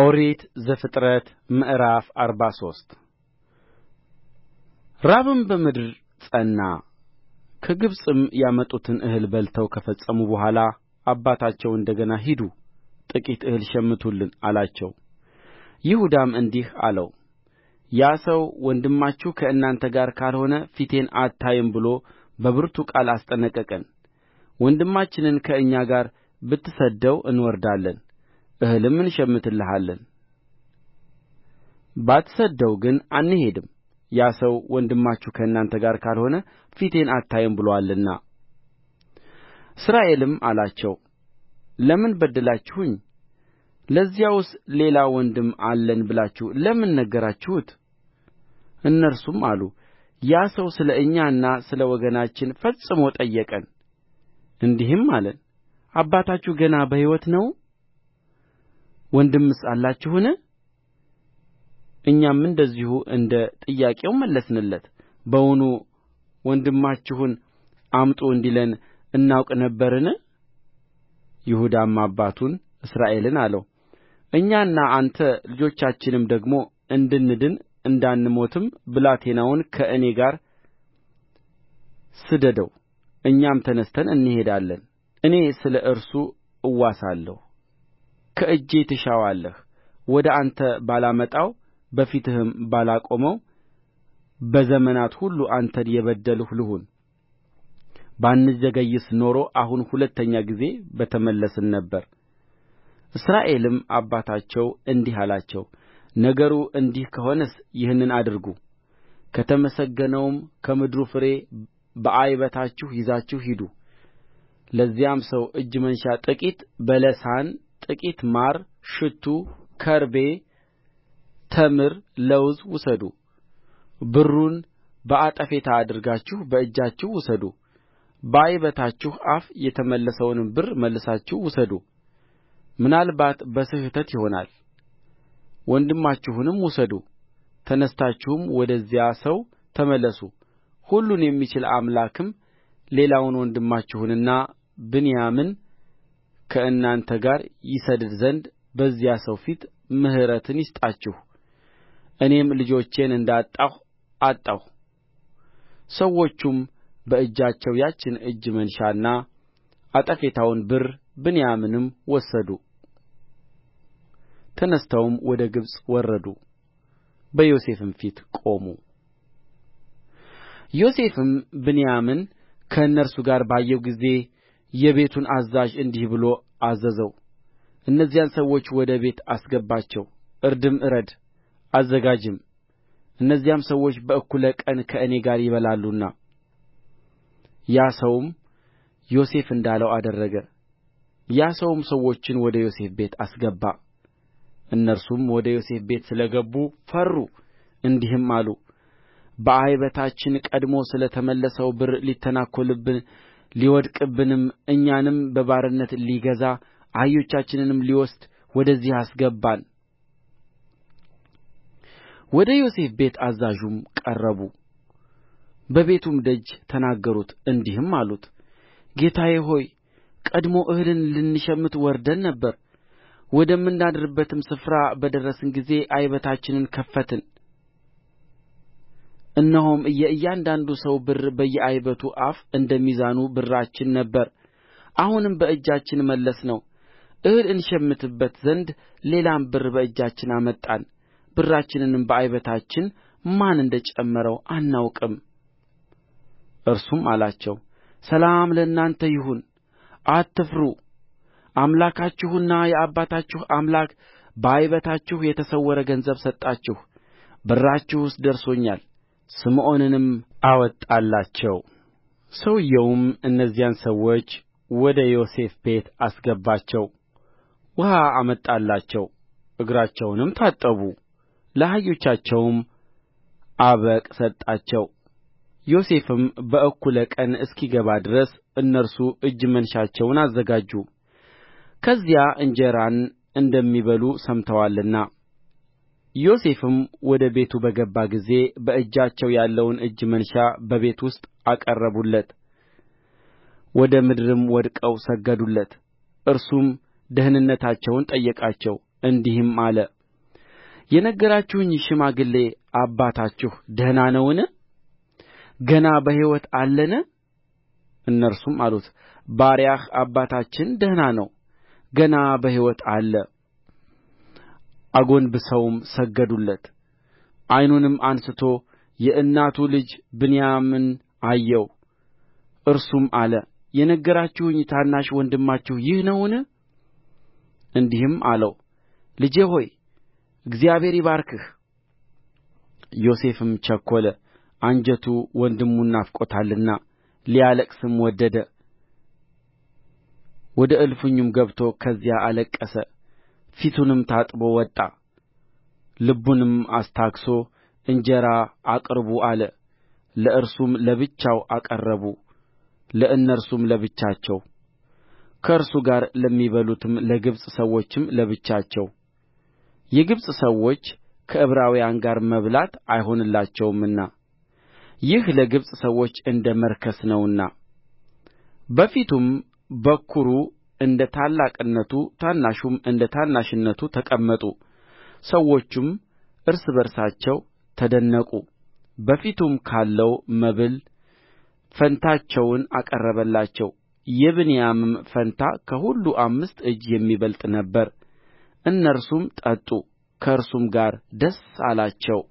ኦሪት ዘፍጥረት ምዕራፍ አርባ ሶስት ራብም በምድር ጸና ከግብፅም ያመጡትን እህል በልተው ከፈጸሙ በኋላ አባታቸው እንደ ገና ሂዱ ጥቂት እህል ሸምቱልን አላቸው ይሁዳም እንዲህ አለው ያ ሰው ወንድማችሁ ከእናንተ ጋር ካልሆነ ፊቴን አታይም ብሎ በብርቱ ቃል አስጠነቀቀን ወንድማችንን ከእኛ ጋር ብትሰድደው እንወርዳለን እህልም እንሸምትልሃለን ባትሰድደው ግን አንሄድም ያ ሰው ወንድማችሁ ከእናንተ ጋር ካልሆነ ፊቴን አታዩም ብሎአልና እስራኤልም አላቸው ለምን በደላችሁኝ ለዚያውስ ሌላ ወንድም አለን ብላችሁ ለምን ነገራችሁት እነርሱም አሉ ያ ሰው ስለ እኛና ስለ ወገናችን ፈጽሞ ጠየቀን እንዲህም አለን አባታችሁ ገና በሕይወት ነው ወንድምስ አላችሁን እኛም እንደዚሁ እንደ ጥያቄው መለስንለት በውኑ ወንድማችሁን አምጡ እንዲለን እናውቅ ነበርን ይሁዳም አባቱን እስራኤልን አለው እኛና አንተ ልጆቻችንም ደግሞ እንድንድን እንዳንሞትም ብላቴናውን ከእኔ ጋር ስደደው እኛም ተነሥተን እንሄዳለን እኔ ስለ እርሱ እዋሳለሁ ከእጄ ትሻዋለህ ወደ አንተ ባላመጣው በፊትህም ባላቆመው በዘመናት ሁሉ አንተን የበደልሁ ልሁን ባንዘገይስ ኖሮ አሁን ሁለተኛ ጊዜ በተመለስን ነበር እስራኤልም አባታቸው እንዲህ አላቸው ነገሩ እንዲህ ከሆነስ ይህንን አድርጉ ከተመሰገነውም ከምድሩ ፍሬ በዓይበታችሁ ይዛችሁ ሂዱ ለዚያም ሰው እጅ መንሻ ጥቂት በለሳን ጥቂት ማር ሽቱ ከርቤ ተምር ለውዝ ውሰዱ ብሩን በአጠፌታ አድርጋችሁ በእጃችሁ ውሰዱ በዓይበታችሁ አፍ የተመለሰውን ብር መልሳችሁ ውሰዱ ምናልባት በስሕተት ይሆናል ወንድማችሁንም ውሰዱ ተነሥታችሁም ወደዚያ ሰው ተመለሱ ሁሉን የሚችል አምላክም ሌላውን ወንድማችሁንና ብንያምን ከእናንተ ጋር ይሰድድ ዘንድ በዚያ ሰው ፊት ምሕረትን ይስጣችሁ እኔም ልጆቼን እንዳጣሁ አጣሁ ሰዎቹም በእጃቸው ያችን እጅ መንሻና አጠፌታውን ብር ብንያምንም ወሰዱ ተነሥተውም ወደ ግብፅ ወረዱ በዮሴፍም ፊት ቆሙ ዮሴፍም ብንያምን ከእነርሱ ጋር ባየው ጊዜ የቤቱን አዛዥ እንዲህ ብሎ አዘዘው እነዚያን ሰዎች ወደ ቤት አስገባቸው እርድም እረድ አዘጋጅም እነዚያም ሰዎች በእኩለ ቀን ከእኔ ጋር ይበላሉና ያ ሰውም ዮሴፍ እንዳለው አደረገ ያ ሰውም ሰዎችን ወደ ዮሴፍ ቤት አስገባ እነርሱም ወደ ዮሴፍ ቤት ስለ ገቡ ፈሩ እንዲህም አሉ በዓይበታችን ቀድሞ ስለ ተመለሰው ብር ሊተናኰልብን ሊወድቅብንም እኛንም በባርነት ሊገዛ አህዮቻችንንም ሊወስድ ወደዚህ አስገባን ወደ ዮሴፍ ቤት አዛዥም ቀረቡ በቤቱም ደጅ ተናገሩት እንዲህም አሉት ጌታዬ ሆይ ቀድሞ እህልን ልንሸምት ወርደን ነበር ወደምናድርበትም ስፍራ በደረስን ጊዜ ዓይበታችንን ከፈትን እነሆም የእያንዳንዱ ሰው ብር በየዓይበቱ አፍ እንደ ሚዛኑ ብራችን ነበረ አሁንም በእጃችን መለስነው እህል እንሸምትበት ዘንድ ሌላም ብር በእጃችን አመጣን ብራችንንም በዓይበታችን ማን እንደ ጨመረው አናውቅም እርሱም አላቸው ሰላም ለእናንተ ይሁን አትፍሩ አምላካችሁና የአባታችሁ አምላክ በዓይበታችሁ የተሰወረ ገንዘብ ሰጣችሁ ብራችሁስ ደርሶኛል ስምዖንንም አወጣላቸው ሰውዮውም እነዚያን ሰዎች ወደ ዮሴፍ ቤት አስገባቸው ውኃ አመጣላቸው እግራቸውንም ታጠቡ ለአህዮቻቸውም አበቅ ሰጣቸው ዮሴፍም በእኩለ ቀን እስኪገባ ድረስ እነርሱ እጅ መንሻቸውን አዘጋጁ ከዚያ እንጀራን እንደሚበሉ ሰምተዋልና ዮሴፍም ወደ ቤቱ በገባ ጊዜ በእጃቸው ያለውን እጅ መንሻ በቤት ውስጥ አቀረቡለት ወደ ምድርም ወድቀው ሰገዱለት እርሱም ደኅንነታቸውን ጠየቃቸው እንዲህም አለ የነገራችሁኝ ሽማግሌ አባታችሁ ደህና ነውን ገና በሕይወት አለን እነርሱም አሉት ባሪያህ አባታችን ደህና ነው ገና በሕይወት አለ አጎንብሰውም ሰገዱለት ዓይኑንም አንሥቶ የእናቱ ልጅ ብንያምን አየው እርሱም አለ የነገራችሁኝ ታናሽ ወንድማችሁ ይህ ነውን እንዲህም አለው ልጄ ሆይ እግዚአብሔር ይባርክህ ዮሴፍም ቸኰለ አንጀቱ ወንድሙን ናፍቆታልና ሊያለቅስም ወደደ ወደ እልፍኙም ገብቶ ከዚያ አለቀሰ ፊቱንም ታጥቦ ወጣ ልቡንም አስታግሦ እንጀራ አቅርቡ አለ ለእርሱም ለብቻው አቀረቡ ለእነርሱም ለብቻቸው ከእርሱ ጋር ለሚበሉትም ለግብፅ ሰዎችም ለብቻቸው የግብፅ ሰዎች ከዕብራውያን ጋር መብላት አይሆንላቸውምና ይህ ለግብፅ ሰዎች እንደ መርከስ ነውና በፊቱም በኵሩ እንደ ታላቅነቱ ታናሹም እንደ ታናሽነቱ ተቀመጡ ሰዎቹም እርስ በርሳቸው ተደነቁ በፊቱም ካለው መብል ፈንታቸውን አቀረበላቸው የብንያምም ፈንታ ከሁሉ አምስት እጅ የሚበልጥ ነበረ እነርሱም ጠጡ ከእርሱም ጋር ደስ አላቸው